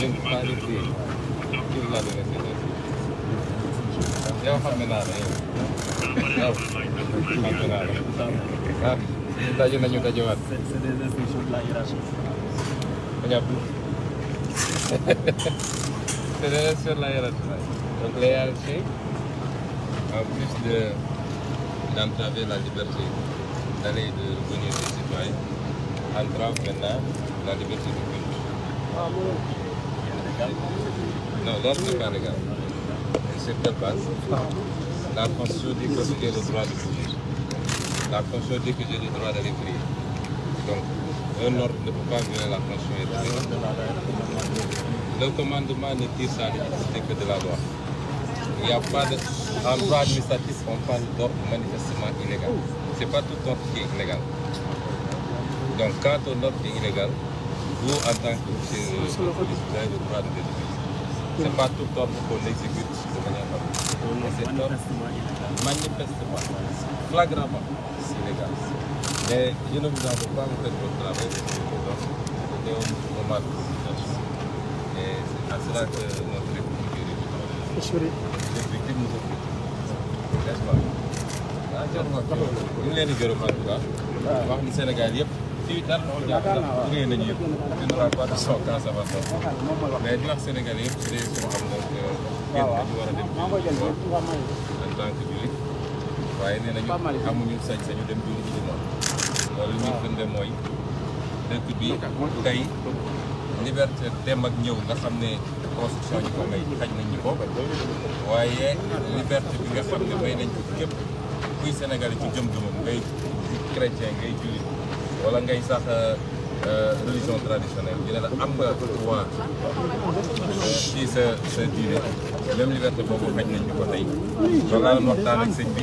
Jag Ya, min nära. Ya, ya, min nära. Minta aja nanya-nanya. Saya plus. c'est le reste sur l'aéroport. Donc l'ARC, en plus de d'entraver la liberté d'aller et de revenir des citoyens, entrave maintenant la liberté du culte. Ah, non, l'autre n'est pas légal. C'est pas base. La Constitution dit que j'ai le droit de prier. La Constitution dit que j'ai le droit d'aller prier. Donc, un ordre ne peut pas violer la fonction et Le commandement ne tire sa légitimité que de la loi. Il n'y a pas de... En droit administratif, on parle d'ordre manifestement illégal. Ce n'est pas tout ordre qui est illégal. Donc quand on ordre est illégal, vous en tant que police vous avez le droit de l'exécuter. Ce n'est pas tout ordre qu'on exécute de manière normale. C'est manifestement illégal. Manifestement. Flagramment. C'est illégal. Mais je ne vous en veux pas, vous faites votre travail, c'était un moment de communication. Et c'est à cela que notre République est républicaine. Les victimes nous ont n'est-ce pas? ñu ngi leen di gërëm en tout cas wax ni Sénégal yëpp fii dara loolu jàpp ndax liggéey nañu yëpp je n'aurai pas de son quand ça va sortir mais di wax Sénégal yëpp su dee su ma xam donc kenn dañu war a dem en tant que jullit waaye nee nañu amuñu sañ-sañu dem julli ci moom loolu li ñuy firnde mooy dëkk bi tey liberté dem ak ñëw nga xam ne constitution ko may nañ ñu ko waaye liberté bi nga xam ne may nañ ko képp kuy Sénégal ci gëm-gëmam ngay chrétien ngay jullit wala ngay sax euh, euh, religion traditionnelle ñu ne la am nga droit euh, ci sa sa diine même liberté boobu xaj nañ ñu ko tey loolu laa waxtaan ak sëñ bi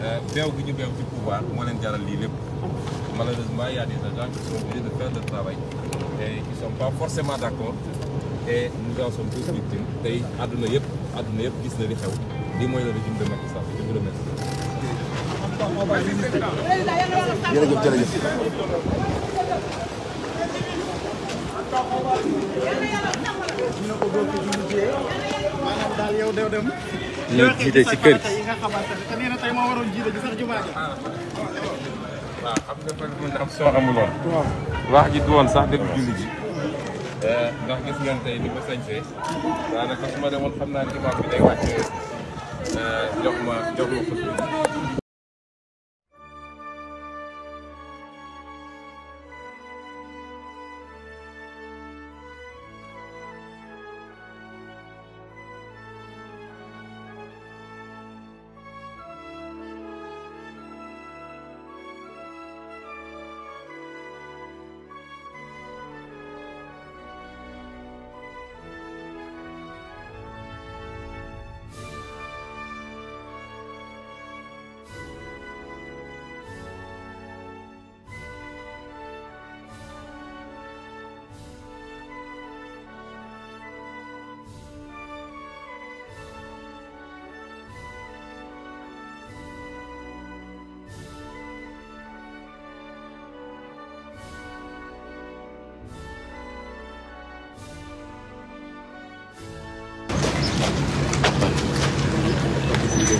Euh, beew gi ñu beew ci pouvoir moo leen lii lépp malheureusement il y a des agents qui sont travail et qui sont pas forcément d'accord et nous en sommes tous victimes tey àdduna yëpp àdduna yëpp gis na li xew lii mooy le régime de Macky Sall je vous remercie. jërëjëf jërëjëf. ñu jiite ci kër gi. nga xamante ne te nee na tey moo waroon jiite gi sax jumaa ji waaw xam nga bëgg mu ndax soo amuloon. wax ji du woon sax dëgg julli ji. Eh, ndax gis ngeen tey ni ma sañsee daanaka su ma demoon xam naa ne imaam bi day wàcc eh, jox ma jox ma ko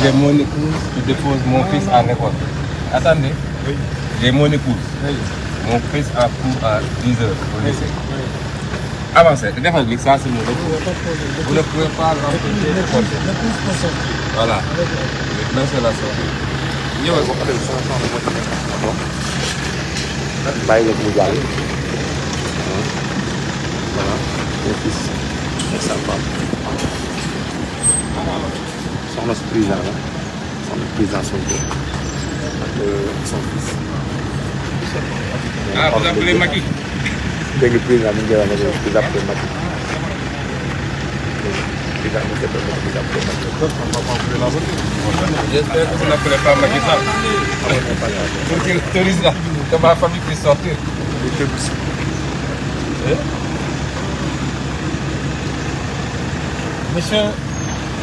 J'ai mon épouse qui dépose mon fils à l'école. Attendez. Oui. J'ai mon épouse. Mon fils a cours à 10 h au lycée. Oui. Avancez. ça, c'est mon épouse. Vous ne pouvez pas rentrer le Voilà. Maintenant, c'est la sortie. Il y a un de de le plus Voilà. Mon fils et sa pas on si président la son on a son fils. ah vous appelez Macky. président vous appelez Macky. vous a j'espère que vous n'appelez pas pour qu'il autorise la que ma famille puisse sortir. Hein? Monsieur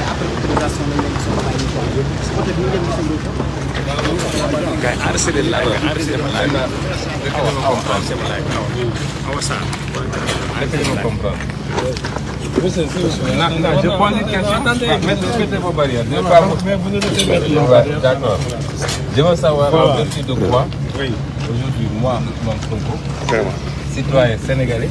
après je Je savoir de quoi, aujourd'hui, moi, citoyen sénégalais,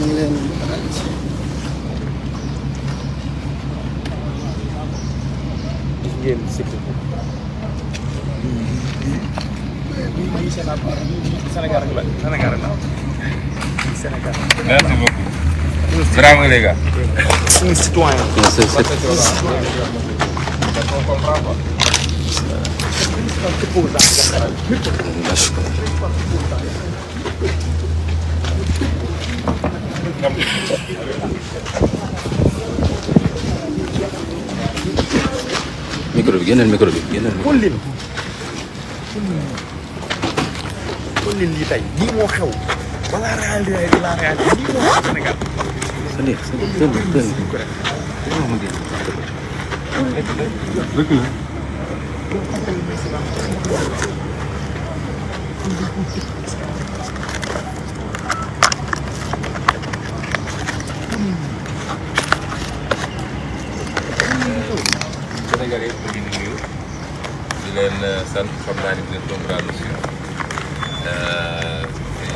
game cycle. Merci beaucoup. Bravo les gars. C'est citoyen. C'est citoyen. micro bi génneel micro bi leen sant xam naa ni leen comprendre si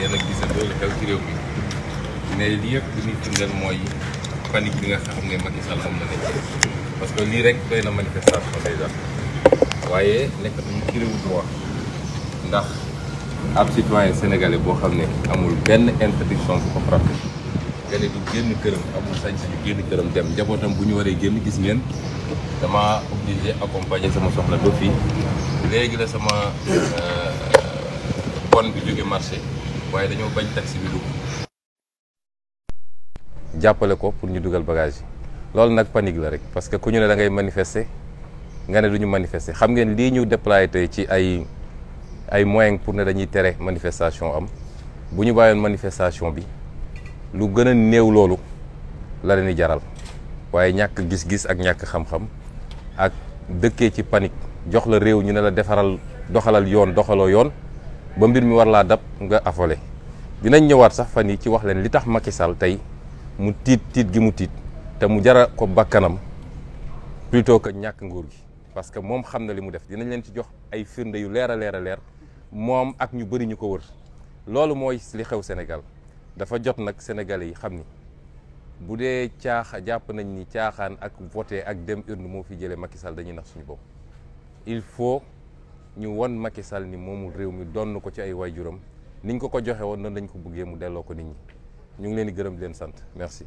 yéen a gisandoo li xew ci réew mi mais li yëpp li ñuy firndeel mooy panique bi mana xam ne Macky Sall moom la nekk parce que lii rek doy na manifestation déjà waaye nekk nañu ci réewu droit ndax ab citoyen sénégalais boo xam ne amul benn interdiction bu ko frappé nga ne du génn këram amul sañ-sañu génn këram dem njabootam bu ñu waree gis ngeen dama obligé accompagner sama soxla ba fii léegi la sama euh, pon marché waaye dañoo bañ jàppale ko pour ñu dugal bagage loolu nag panique la rek parce que ku ñu ne da ngay manifester nga ne du ñu manifester xam ngeen lii ñu déployé tey ci ay ay moyens pour ne dañuy tere manifestation am bu ñu bàyyoon manifestation bi lu gën a néew loolu la leen di jaral waaye ñàkk gis-gis ak ñàkk xam-xam ak dëkkee ci panique. jox la réew ñu ne la defaral doxalal yoon doxaloo yoon ba mbir mi war laa dab nga affolé dinañ ñëwaat sax fani yi ci wax leen li tax Macky Sall tey mu tiit tiit gi mu tiit te mu jara ko bakkanam plutôt que ñàkk nguur gi parce que moom xam na li mu def dinañ leen ci jox ay firnde yu leer a leer mom ak ñu bëri ñu wër loolu mooy li xew Sénégal dafa jot nag sénégalais yi xam ni bu dee nañ ni ak voté ak dem urne moo fi jëlee Macky Sall dañuy nax suñu il faut ñu won Macky Sall ni Nous réew mi pas ko ci ay waajuram ni ko ko Nous won noonu lañ ko bëggé mu ko merci.